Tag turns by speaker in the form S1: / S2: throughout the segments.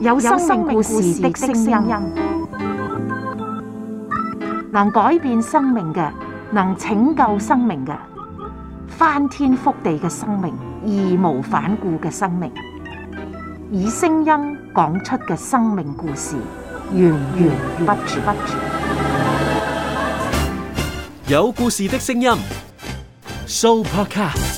S1: 有生命故事的聲音，能改變生命嘅，能拯救生命嘅，翻天覆地嘅生命，義無反顧嘅生命，以聲音講出嘅生命故事，源源不絕。有故事的聲音，Soupercast。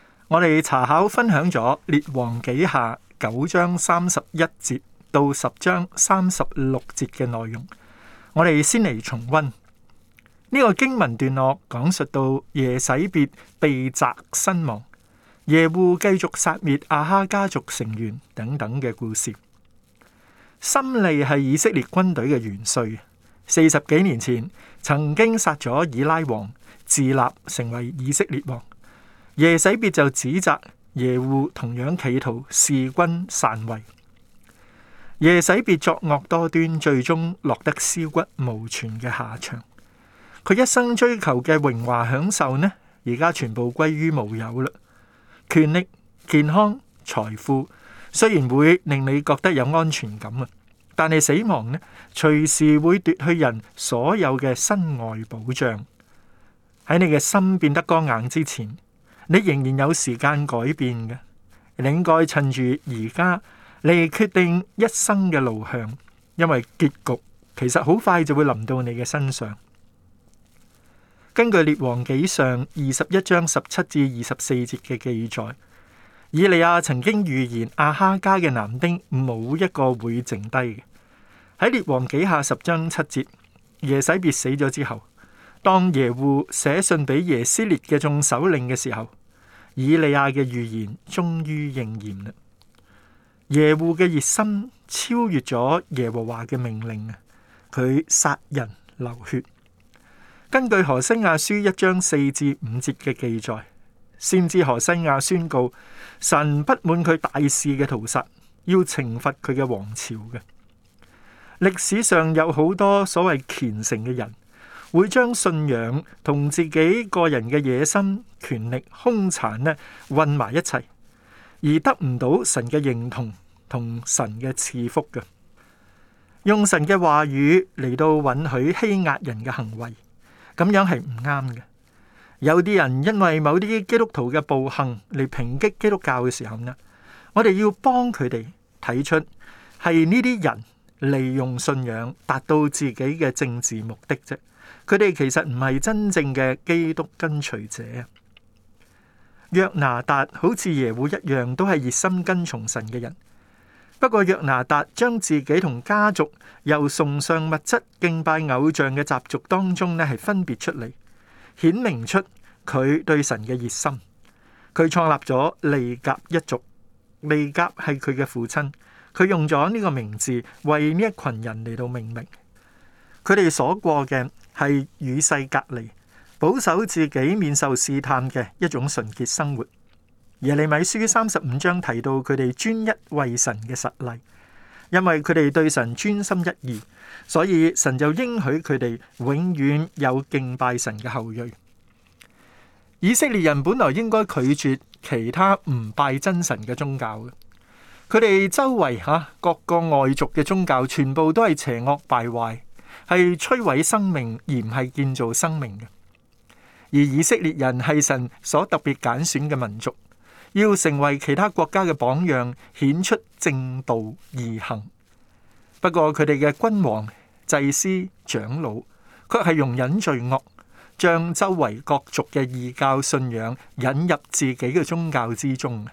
S1: 我哋查考分享咗列王紀下九章三十一節到十章三十六節嘅內容，我哋先嚟重温呢、這個經文段落，講述到耶洗別被殺身亡，耶戶繼續殺滅亞哈家族成員等等嘅故事。心利係以色列軍隊嘅元帥，四十幾年前曾經殺咗以拉王，自立成為以色列王。耶洗別就指責耶戶同樣企圖弑君篡位。耶洗別作惡多端，最終落得屍骨無存嘅下場。佢一生追求嘅榮華享受呢，而家全部歸於無有啦。權力、健康、財富雖然會令你覺得有安全感啊，但係死亡呢，隨時會奪去人所有嘅身外保障。喺你嘅心變得剛硬之前。你仍然有時間改變嘅，你應該趁住而家你決定一生嘅路向，因為結局其實好快就會臨到你嘅身上。根據《列王紀上》二十一章十七至二十四節嘅記載，以利亞曾經預言亞哈家嘅男丁冇一個會剩低嘅。喺《列王紀下》十章七節，耶洗別死咗之後，當耶戶寫信俾耶斯列嘅眾首領嘅時候。以利亞嘅預言終於應驗啦！耶戶嘅熱心超越咗耶和華嘅命令啊！佢殺人流血。根據《何西亞書》一章四至五節嘅記載，先知何西亞宣告神不滿佢大肆嘅屠殺，要懲罰佢嘅王朝嘅。歷史上有好多所謂虔誠嘅人。會將信仰同自己個人嘅野心、權力、凶殘呢混埋一齊，而得唔到神嘅認同同神嘅賜福嘅。用神嘅話語嚟到允許欺壓人嘅行為，咁樣係唔啱嘅。有啲人因為某啲基督徒嘅暴行嚟抨擊基督教嘅時候呢，我哋要幫佢哋睇出係呢啲人利用信仰達到自己嘅政治目的啫。佢哋其實唔係真正嘅基督跟隨者。約拿達好似耶戶一樣，都係熱心跟從神嘅人。不過，約拿達將自己同家族由崇尚物質敬拜偶像嘅習俗當中呢，係分別出嚟，顯明出佢對神嘅熱心。佢創立咗利甲一族，利甲係佢嘅父親。佢用咗呢個名字為呢一群人嚟到命名。佢哋所過嘅，係與世隔離、保守自己、免受試探嘅一種純潔生活。耶利米書三十五章提到佢哋專一為神嘅實例，因為佢哋對神專心一意，所以神就應許佢哋永遠有敬拜神嘅後裔。以色列人本來應該拒絕其他唔拜真神嘅宗教嘅，佢哋周圍吓各個外族嘅宗教全部都係邪惡敗壞。係摧毀生命而唔係建造生命嘅，而以色列人係神所特別揀選嘅民族，要成為其他國家嘅榜樣，顯出正道而行。不過佢哋嘅君王、祭司、長老，卻係容忍罪惡，將周圍各族嘅異教信仰引入自己嘅宗教之中，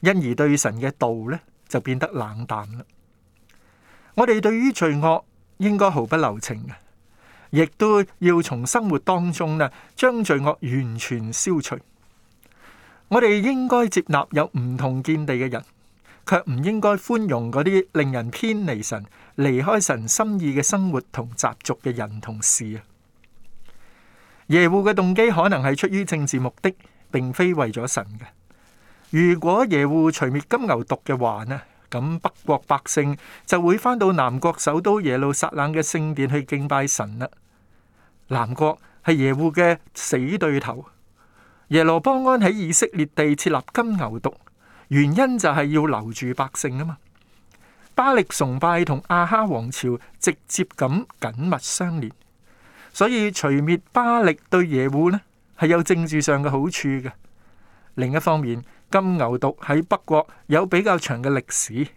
S1: 因而對神嘅道呢，就變得冷淡啦。我哋對於罪惡，應該毫不留情嘅，亦都要從生活當中呢，將罪惡完全消除。我哋應該接納有唔同見地嘅人，卻唔應該寬容嗰啲令人偏離神、離開神心意嘅生活同習俗嘅人同事啊。耶戶嘅動機可能係出於政治目的，並非為咗神嘅。如果耶戶除滅金牛犢嘅話呢，咁北國百姓就會翻到南國首都耶路撒冷嘅聖殿去敬拜神啦。南國係耶戶嘅死對頭，耶羅波安喺以色列地設立金牛犢，原因就係要留住百姓啊嘛。巴力崇拜同亞哈王朝直接咁緊密相連，所以除滅巴力對耶戶呢係有政治上嘅好處嘅。另一方面。金牛犢喺北國有比較長嘅歷史，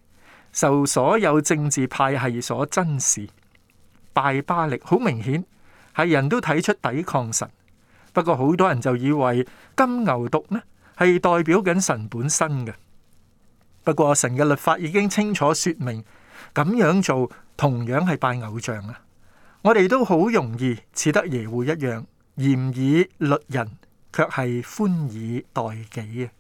S1: 受所有政治派系所珍視。拜巴力好明顯係人都睇出抵抗神，不過好多人就以為金牛犢呢係代表緊神本身嘅。不過神嘅律法已經清楚說明，咁樣做同樣係拜偶像啊！我哋都好容易似得耶戶一樣，嚴以律人，却係寬以待己啊！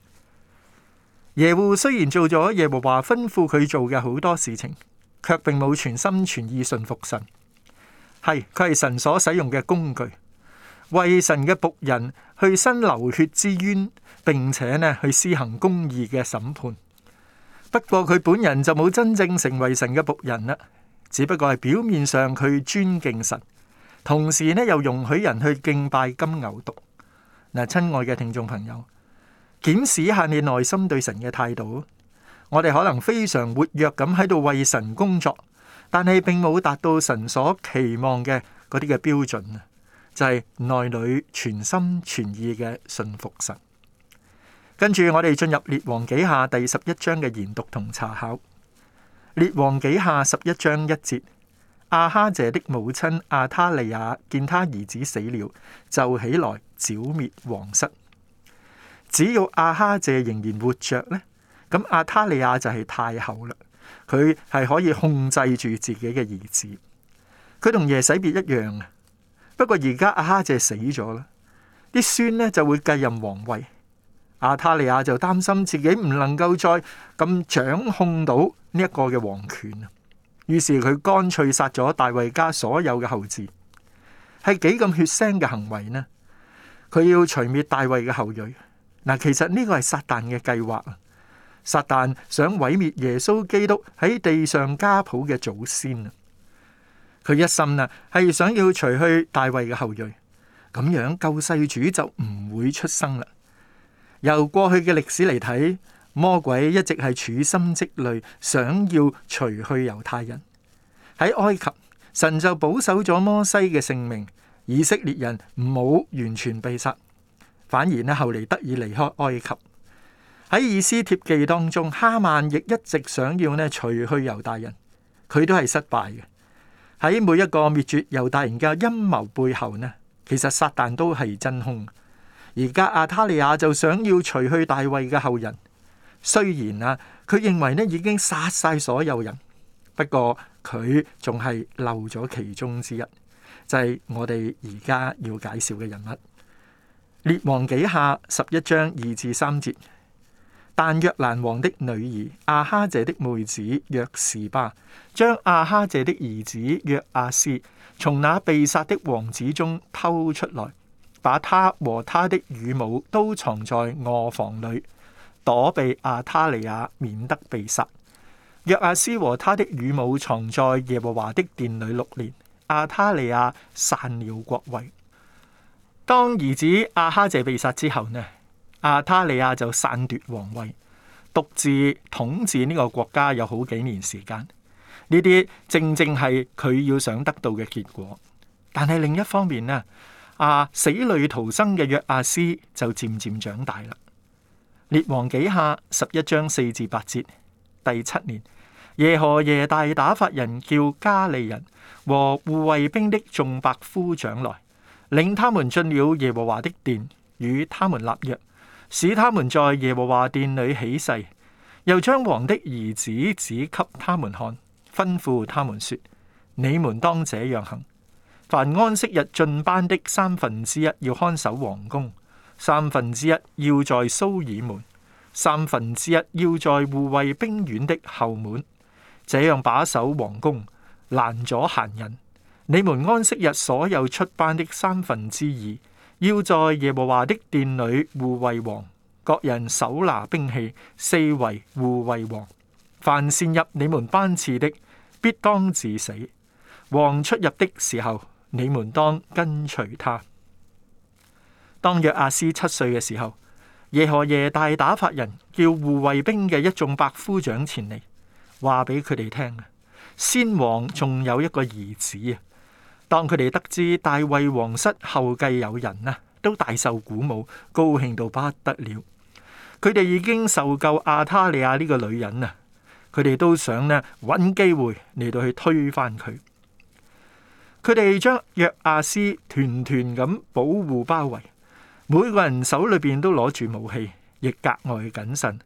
S1: 耶戶雖然做咗耶和華吩咐佢做嘅好多事情，卻並冇全心全意順服神。係，佢係神所使用嘅工具，為神嘅僕人去伸流血之冤，並且呢去施行公義嘅審判。不過佢本人就冇真正成為神嘅僕人啦，只不過係表面上佢尊敬神，同時呢又容許人去敬拜金牛犢。嗱、啊，親愛嘅聽眾朋友。檢視一下你內心對神嘅態度。我哋可能非常活躍咁喺度為神工作，但係並冇達到神所期望嘅嗰啲嘅標準就係、是、內裏全心全意嘅信服神。跟住我哋進入列王紀下第十一章嘅研讀同查考。列王紀下十一章一節：阿哈姐的母親阿他利亞見他兒子死了，就起來剿滅王室。只要阿哈謝仍然活着呢，咁阿塔利亞就係太后啦。佢係可以控制住自己嘅兒子，佢同耶洗別一樣啊。不過而家阿哈謝死咗啦，啲孫呢就會繼任皇位。阿塔利亞就擔心自己唔能夠再咁掌控到呢一個嘅皇權，啊，於是佢乾脆殺咗大衛家所有嘅後子，係幾咁血腥嘅行為呢？佢要除滅大衛嘅後裔。嗱，其實呢個係撒但嘅計劃啊！撒但想毀滅耶穌基督喺地上家譜嘅祖先啊！佢一心啊，係想要除去大衛嘅後裔，咁樣救世主就唔會出生啦。由過去嘅歷史嚟睇，魔鬼一直係處心積慮，想要除去猶太人。喺埃及，神就保守咗摩西嘅性命，以色列人冇完全被殺。反而咧，後嚟得以離開埃及。喺以斯帖記當中，哈曼亦一直想要咧除去猶大人，佢都係失敗嘅。喺每一個滅絕猶大人嘅陰謀背後呢，其實撒旦都係真兇。而家亞他利亞就想要除去大衛嘅後人，雖然啊，佢認為咧已經殺晒所有人，不過佢仲係漏咗其中之一，就係、是、我哋而家要介紹嘅人物。列王紀下十一章二至三節，但約蘭王的女兒亞哈謝的妹子約示巴，將亞哈謝的兒子約阿斯從那被殺的王子中偷出來，把他和他的乳母都藏在臥房裏，躲避亞他利雅，免得被殺。約阿斯和他的乳母藏在耶和華的殿裏六年，亞他利雅散了國位。當兒子阿哈謝被殺之後呢，阿、啊、塔利亞就篡奪皇位，獨自統治呢個國家有好幾年時間。呢啲正正係佢要想得到嘅結果。但係另一方面呢，阿、啊、死裡逃生嘅約阿斯就漸漸長大啦。列王紀下十一章四至八節，第七年，耶何耶大打發人叫加利人和護衛兵的眾百夫長來。領他們進了耶和華的殿，與他們立約，使他們在耶和華殿裏起誓。又將王的兒子指給他們看，吩咐他們說：你們當這樣行。凡安息日進班的三分之一要看守王宮，三分之一要在蘇爾門，三分之一要在護衛兵院的後門，這樣把守王宮，攔阻閒人。你們安息日所有出班的三分之二，要在耶和華的殿裏護衛王。各人手拿兵器，四圍護衛王。凡擅入你們班次的，必當致死。王出入的時候，你們當跟隨他。當約阿斯七歲嘅時候，耶何耶大打發人叫護衛兵嘅一眾百夫長前嚟，話俾佢哋聽：先王仲有一個兒子。當佢哋得知大衛王室後繼有人呢，都大受鼓舞，高興到不得了。佢哋已經受夠阿塔利亞呢個女人啊，佢哋都想呢揾機會嚟到去推翻佢。佢哋將約阿斯團團咁保護包圍，每個人手裏邊都攞住武器，亦格外謹慎，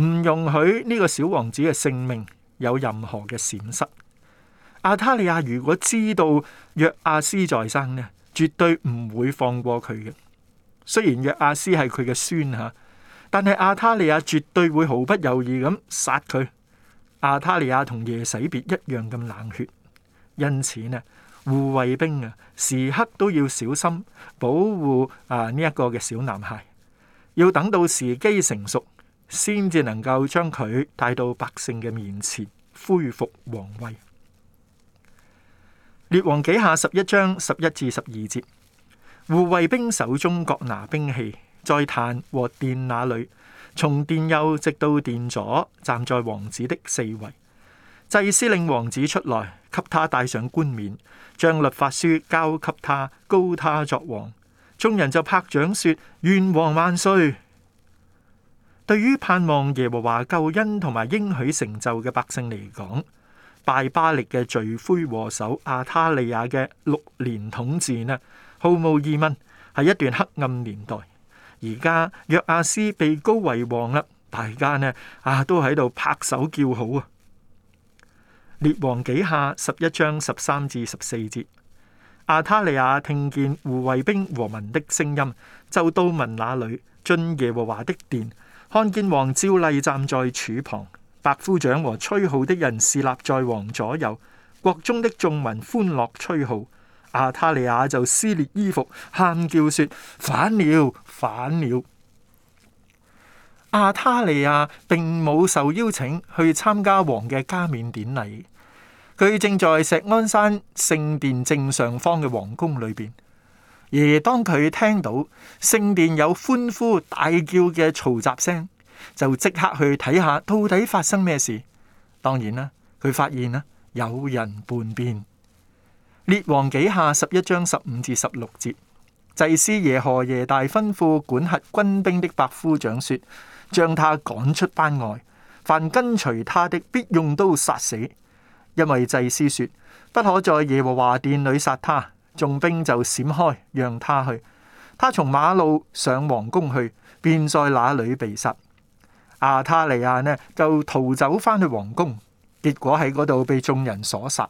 S1: 唔容許呢個小王子嘅性命有任何嘅閃失。阿塔利亞如果知道約阿斯在生呢，絕對唔會放過佢嘅。雖然約阿斯係佢嘅孫吓，但係阿塔利亞絕對會毫不猶豫咁殺佢。阿塔利亞同耶洗別一樣咁冷血，因此呢，護衛兵啊，時刻都要小心保護啊呢一個嘅小男孩。要等到時機成熟，先至能夠將佢帶到百姓嘅面前，恢復皇位。列王記下十一章十一至十二節，護衛兵手中各拿兵器，在壇和殿那裏，從殿右直到殿左，站在王子的四圍。祭司領王子出來，給他戴上冠冕，將律法書交給他，膏他作王。眾人就拍掌說：願王萬歲！對於盼望耶和華救恩同埋應許成就嘅百姓嚟講。拜巴力嘅罪魁禍首阿塔利亞嘅六年統治呢，毫無疑問係一段黑暗年代。而家約阿斯被高為王啦，大家呢啊都喺度拍手叫好啊！列王紀下十一章十三至十四節，阿塔利亞聽見護衛兵和民的聲音，就到民那裡進耶和華的殿，看見王照例站在柱旁。白夫長和吹號的人侍立在王左右，國中的眾民歡樂吹號。亞他利亞就撕裂衣服，喊叫說：反了，反了！亞他利亞並冇受邀請去參加王嘅加冕典禮，佢正在錫安山聖殿正上方嘅皇宮裏邊。而當佢聽到聖殿有歡呼大叫嘅嘈雜聲，就即刻去睇下到底發生咩事。當然啦，佢發現啦有人叛變。列王紀下十一章十五至十六節，祭司耶何耶大吩咐管轄軍兵的百夫長說，說將他趕出班外，凡跟隨他的必用刀殺死，因為祭司說不可在耶和華殿裏殺他。眾兵就閃開，讓他去。他從馬路上王宮去，便在那裏被殺。阿他利亞呢就逃走翻去皇宮，結果喺嗰度被眾人所殺。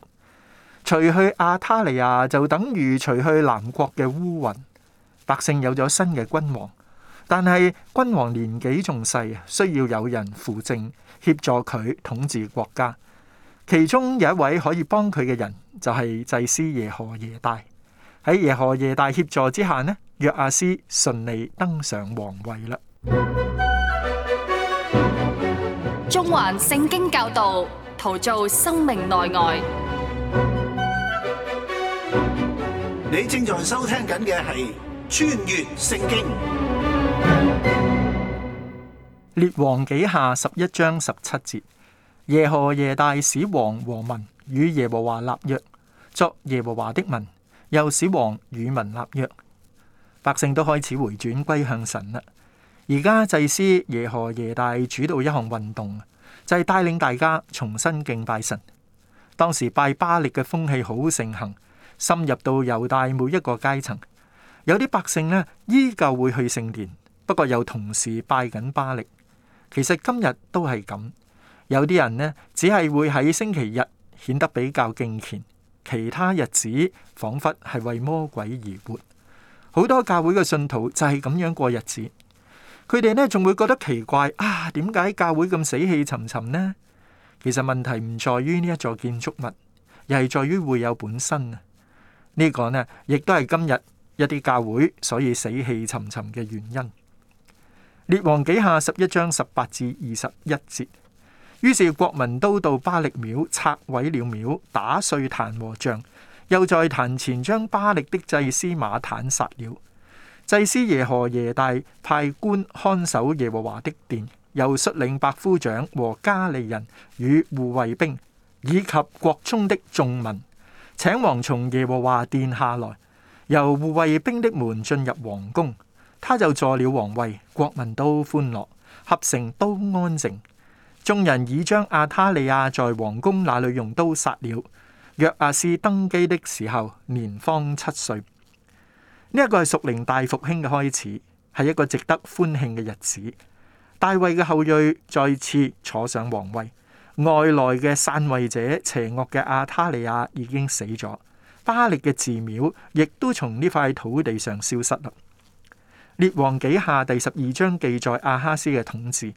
S1: 除去阿他利亞，就等於除去南國嘅烏雲，百姓有咗新嘅君王。但係君王年紀仲細，需要有人扶政協助佢統治國家。其中有一位可以幫佢嘅人，就係、是、祭司耶何耶大。喺耶何耶大協助之下呢，約阿斯順利登上皇位啦。中環聖經教導，陶造生命內外。你正在收聽緊嘅係《穿越聖經》，列王紀下十一章十七節：耶何耶大使王和民與耶和華立約，作耶和華的民；又使王與民立約。百姓都開始回轉歸向神啦。而家祭司耶何耶大主導一項運動，就係、是、帶領大家重新敬拜神。當時拜巴力嘅風氣好盛行，深入到猶大每一個階層。有啲百姓呢，依舊會去聖殿，不過又同時拜緊巴力。其實今日都係咁，有啲人呢，只係會喺星期日顯得比較敬虔，其他日子仿佛係為魔鬼而活。好多教會嘅信徒就係咁樣過日子。佢哋呢，仲會覺得奇怪啊，點解教會咁死氣沉沉呢？其實問題唔在於呢一座建築物，而係在於會友本身啊。呢、呢個呢，亦都係今日一啲教會所以死氣沉沉嘅原因。列王紀下十一章十八至二十一節，於是國民都到巴力廟，拆毀了廟，打碎壇和像，又在壇前將巴力的祭司馬坦殺了。祭司耶何耶大派官看守耶和華的殿，又率領百夫長和加利人與護衛兵以及國中的眾民，請王從耶和華殿下來，由護衛兵的門進入王宮。他就坐了王位，國民都歡樂，合城都安靜。眾人已將亞他利亞在王宮那裏用刀殺了。約阿斯登基的時候，年方七歲。呢一個係屬靈大復興嘅開始，係一個值得歡慶嘅日子。大衛嘅後裔再次坐上皇位，外來嘅篡位者，邪惡嘅亞他利亞已經死咗，巴力嘅寺廟亦都從呢塊土地上消失啦。列王紀下第十二章記載阿哈斯嘅統治，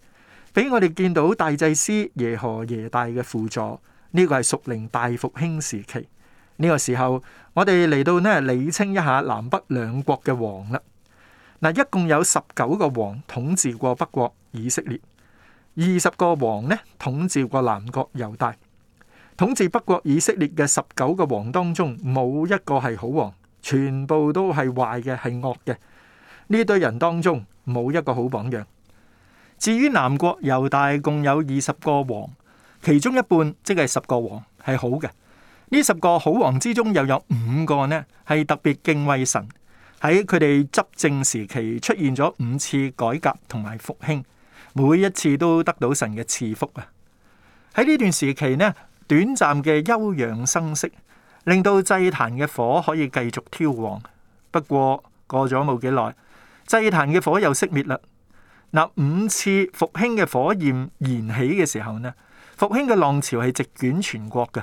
S1: 俾我哋見到大祭司耶何耶大嘅輔助，呢、這個係屬靈大復興時期。呢個時候，我哋嚟到呢理清一下南北兩國嘅王啦。嗱，一共有十九個王統治過北國以色列，二十個王呢統治過南國猶大。統治北國以色列嘅十九個王當中，冇一個係好王，全部都係壞嘅，係惡嘅。呢堆人當中冇一個好榜樣。至於南國猶大共有二十個王，其中一半即係十個王係好嘅。呢十個好王之中，又有五個呢係特別敬畏神。喺佢哋執政時期出現咗五次改革同埋復興，每一次都得到神嘅賜福啊！喺呢段時期呢，短暫嘅休養生息，令到祭壇嘅火可以繼續挑旺。不過過咗冇幾耐，祭壇嘅火又熄滅啦。嗱，五次復興嘅火焰燃起嘅時候呢，復興嘅浪潮係席捲全國嘅。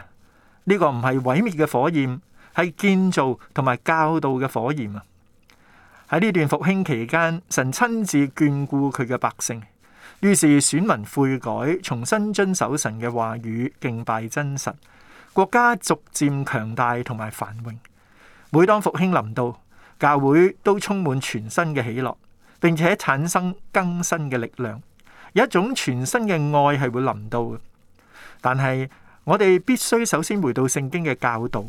S1: 呢個唔係毀滅嘅火焰，係建造同埋教導嘅火焰啊！喺呢段復興期間，神親自眷顧佢嘅百姓，於是選民悔改，重新遵守神嘅話語，敬拜真神，國家逐漸強大同埋繁榮。每當復興臨到，教會都充滿全新嘅喜樂，並且產生更新嘅力量，有一種全新嘅愛係會臨到嘅。但係，我哋必須首先回到聖經嘅教導，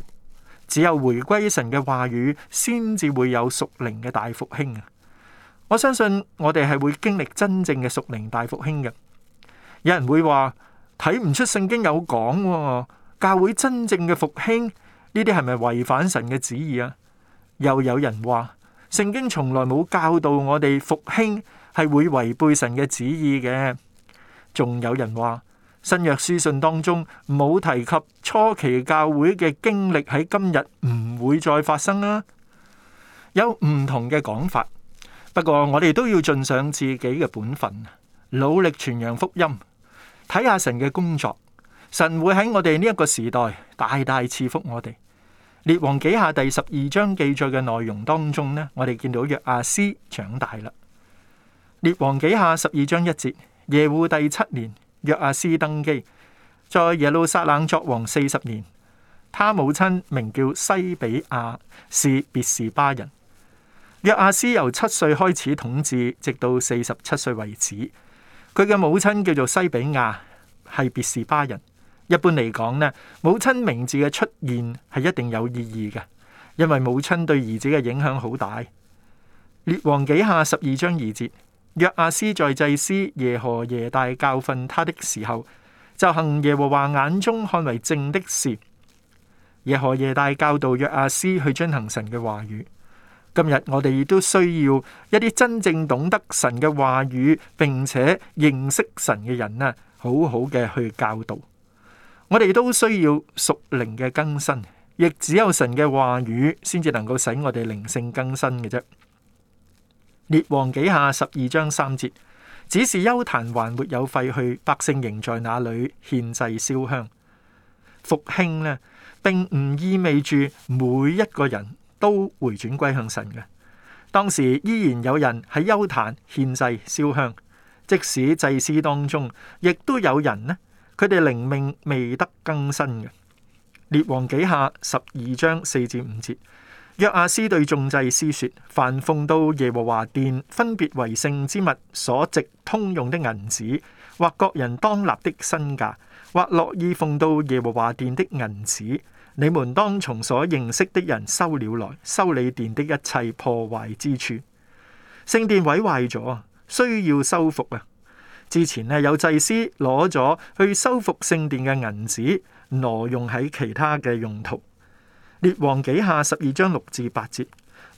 S1: 只有回歸神嘅話語，先至會有屬靈嘅大復興啊！我相信我哋係會經歷真正嘅屬靈大復興嘅。有人會話睇唔出聖經有講啊，教會真正嘅復興呢啲係咪違反神嘅旨意啊？又有人話聖經從來冇教導我哋復興係會違背神嘅旨意嘅。仲有人話。新約書信當中冇提及初期教會嘅經歷喺今日唔會再發生啦。有唔同嘅講法，不過我哋都要盡上自己嘅本分，努力傳揚福音，睇下神嘅工作。神會喺我哋呢一個時代大大賜福我哋。列王紀下第十二章記載嘅內容當中呢，我哋見到約阿斯長大啦。列王紀下十二章一節，耶戶第七年。約阿斯登基，在耶路撒冷作王四十年。他母親名叫西比亞，是別是巴人。約阿斯由七歲開始統治，直到四十七歲為止。佢嘅母親叫做西比亞，係別是巴人。一般嚟講呢，母親名字嘅出現係一定有意義嘅，因為母親對兒子嘅影響好大。列王紀下十二章二節。約阿斯在祭司耶和耶大教訓他的時候，就行耶和華眼中看為正的事。耶和耶大教導約阿斯去遵行神嘅話語。今日我哋亦都需要一啲真正懂得神嘅話語，並且認識神嘅人呢，好好嘅去教導。我哋都需要屬靈嘅更新，亦只有神嘅話語先至能夠使我哋靈性更新嘅啫。列王紀下十二章三節，只是邱壇還沒有廢去，百姓仍在那裡獻祭燒香。復興呢，並唔意味住每一個人都回轉歸向神嘅。當時依然有人喺邱壇獻祭燒香，即使祭司當中，亦都有人呢，佢哋靈命未得更新嘅。列王紀下十二章四至五節。約亞斯對眾祭師說：凡奉到耶和華殿，分別為聖之物，所值通用的銀子，或各人當立的身價，或樂意奉到耶和華殿的銀子，你們當從所認識的人收了來，修理殿的一切破壞之處。聖殿毀壞咗需要修復啊！之前呢，有祭司攞咗去修復聖殿嘅銀子，挪用喺其他嘅用途。列王紀下十二章六至八節，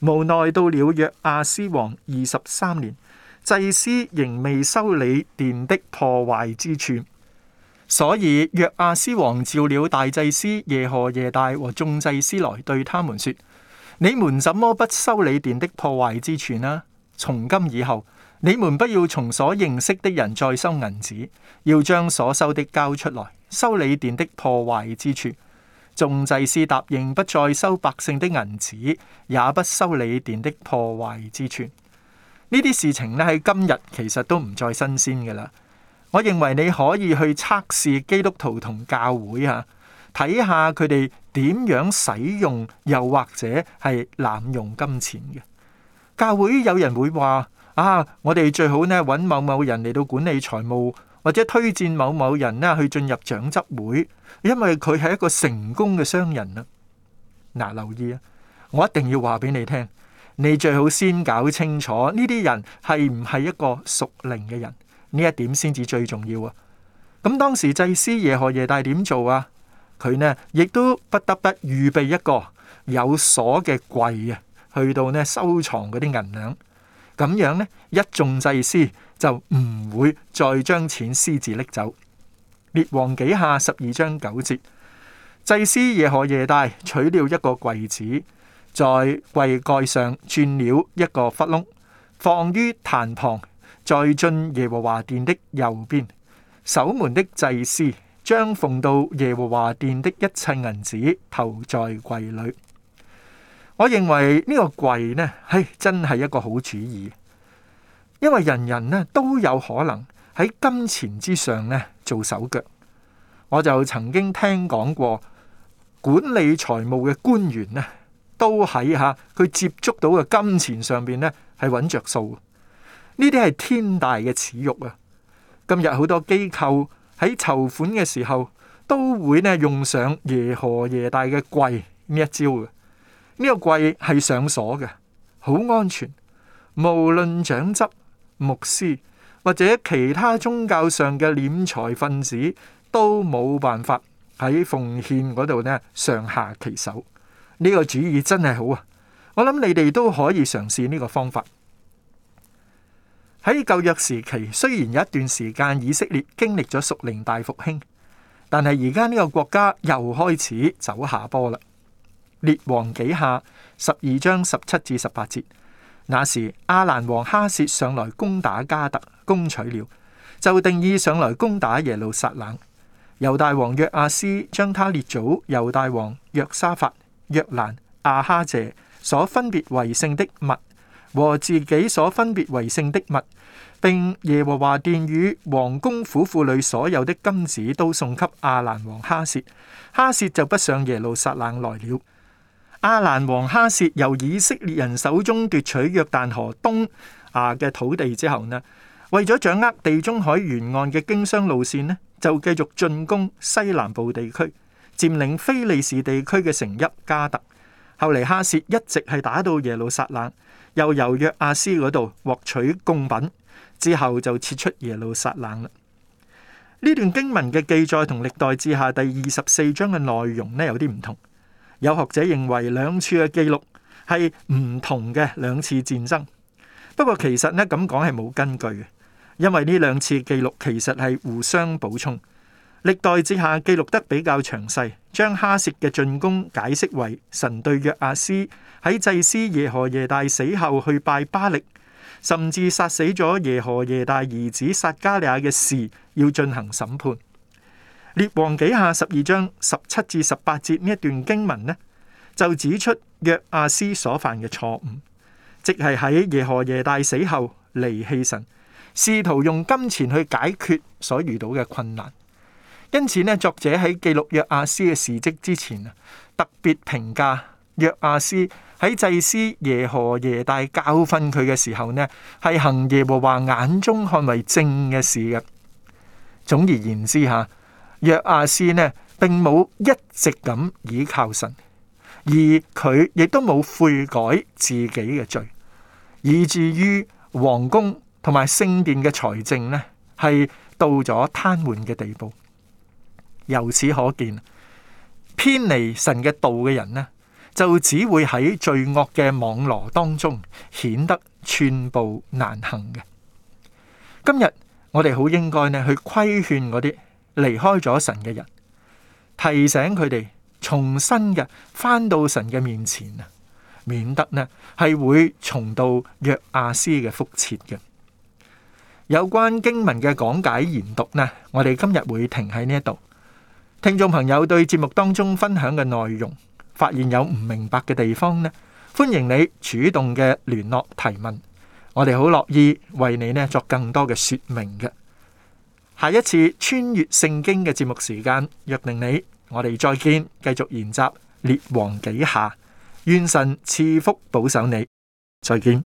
S1: 無奈到了約阿斯王二十三年，祭司仍未修理殿的破壞之處，所以約阿斯王召了大祭司耶何耶大和眾祭司來對他們說：你們怎麼不修理殿的破壞之處呢？從今以後，你們不要從所認識的人再收銀子，要將所收的交出來，修理殿的破壞之處。眾祭司答應不再收百姓的銀子，也不收你殿的破壞之處。呢啲事情呢，喺今日其實都唔再新鮮㗎喇。我認為你可以去測試基督徒同教會吓，睇下佢哋點樣使用，又或者係濫用金錢嘅。教會有人會話：啊，我哋最好呢，揾某某人嚟到管理財務。或者推薦某某人啦去進入長執會，因為佢係一個成功嘅商人啦。嗱、啊，留意啊，我一定要話俾你聽，你最好先搞清楚呢啲人係唔係一個屬靈嘅人，呢一點先至最重要啊。咁當時祭司耶何耶大點做啊？佢呢亦都不得不預備一個有鎖嘅櫃啊，去到呢收藏嗰啲銀兩。咁樣呢一眾祭司，就唔會再將錢私自拎走。列王紀下十二章九節，祭司耶何耶大取了一個櫃子，在櫃蓋上鑽了一個窟窿，放於壇旁，再進耶和華殿的右邊。守門的祭司將奉到耶和華殿的一切銀子投在櫃裏。我認為呢個櫃呢，係真係一個好主意。因為人人咧都有可能喺金錢之上咧做手腳，我就曾經聽講過，管理財務嘅官員咧都喺吓佢接觸到嘅金錢上邊咧係揾着數，呢啲係天大嘅恥辱啊！今日好多機構喺籌款嘅時候都會咧用上耶何耶大嘅櫃呢一招嘅，呢、呢個櫃係上鎖嘅，好安全，無論長執。牧師或者其他宗教上嘅斂財分子都冇辦法喺奉獻嗰度咧上下其手。呢、這個主意真係好啊！我諗你哋都可以嘗試呢個方法。喺舊約時期，雖然有一段時間以色列經歷咗屬靈大復興，但係而家呢個國家又開始走下坡啦。列王紀下十二章十七至十八節。那時亞蘭王哈薛上來攻打加特，攻取了，就定意上來攻打耶路撒冷。猶大王約阿斯將他列祖猶大王約沙法、約蘭、亞哈謝所分別為聖的物和自己所分別為聖的物，並耶和華殿與王宮府庫裏所有的金子都送給亞蘭王哈薛，哈薛就不上耶路撒冷來了。亞蘭王哈薛由以色列人手中奪取約旦河東啊嘅土地之後呢，為咗掌握地中海沿岸嘅經商路綫呢，就繼續進攻西南部地區，佔領非利士地區嘅城邑加特。後嚟哈薛一直係打到耶路撒冷，又由約阿斯嗰度獲取貢品，之後就撤出耶路撒冷啦。呢段經文嘅記載同歷代志下第二十四章嘅內容呢有啲唔同。有學者認為兩處嘅記錄係唔同嘅兩次戰爭，不過其實呢，咁講係冇根據嘅，因為呢兩次記錄其實係互相補充。歷代志下記錄得比較詳細，將哈薛嘅進攻解釋為神對約阿斯喺祭司耶何耶大死後去拜巴力，甚至殺死咗耶何耶大兒子撒加利亞嘅事要進行審判。列王紀下十二章十七至十八節呢一段經文呢，就指出約阿斯所犯嘅錯誤，即係喺耶何耶大死後離棄神，試圖用金錢去解決所遇到嘅困難。因此呢，作者喺記錄約阿斯嘅事跡之前啊，特別評價約阿斯喺祭司耶何耶大教訓佢嘅時候呢，係行耶和華眼中看為正嘅事嘅。總而言之吓。若亞斯呢，並冇一直咁倚靠神，而佢亦都冇悔改自己嘅罪，以至於王宮同埋聖殿嘅財政呢，係到咗癱瘓嘅地步。由此可見，偏離神嘅道嘅人呢，就只會喺罪惡嘅網羅當中顯得寸步難行嘅。今日我哋好應該呢去規勸嗰啲。離開咗神嘅人，提醒佢哋重新嘅返到神嘅面前啊，免得呢係會重蹈約亞斯嘅覆轍嘅。有關經文嘅講解研讀呢，我哋今日會停喺呢一度。聽眾朋友對節目當中分享嘅內容，發現有唔明白嘅地方呢，歡迎你主動嘅聯絡提問，我哋好樂意為你呢作更多嘅說明嘅。下一次穿越聖經嘅節目時間，約定你，我哋再見，繼續研習列王紀下，願神賜福保守你，再見。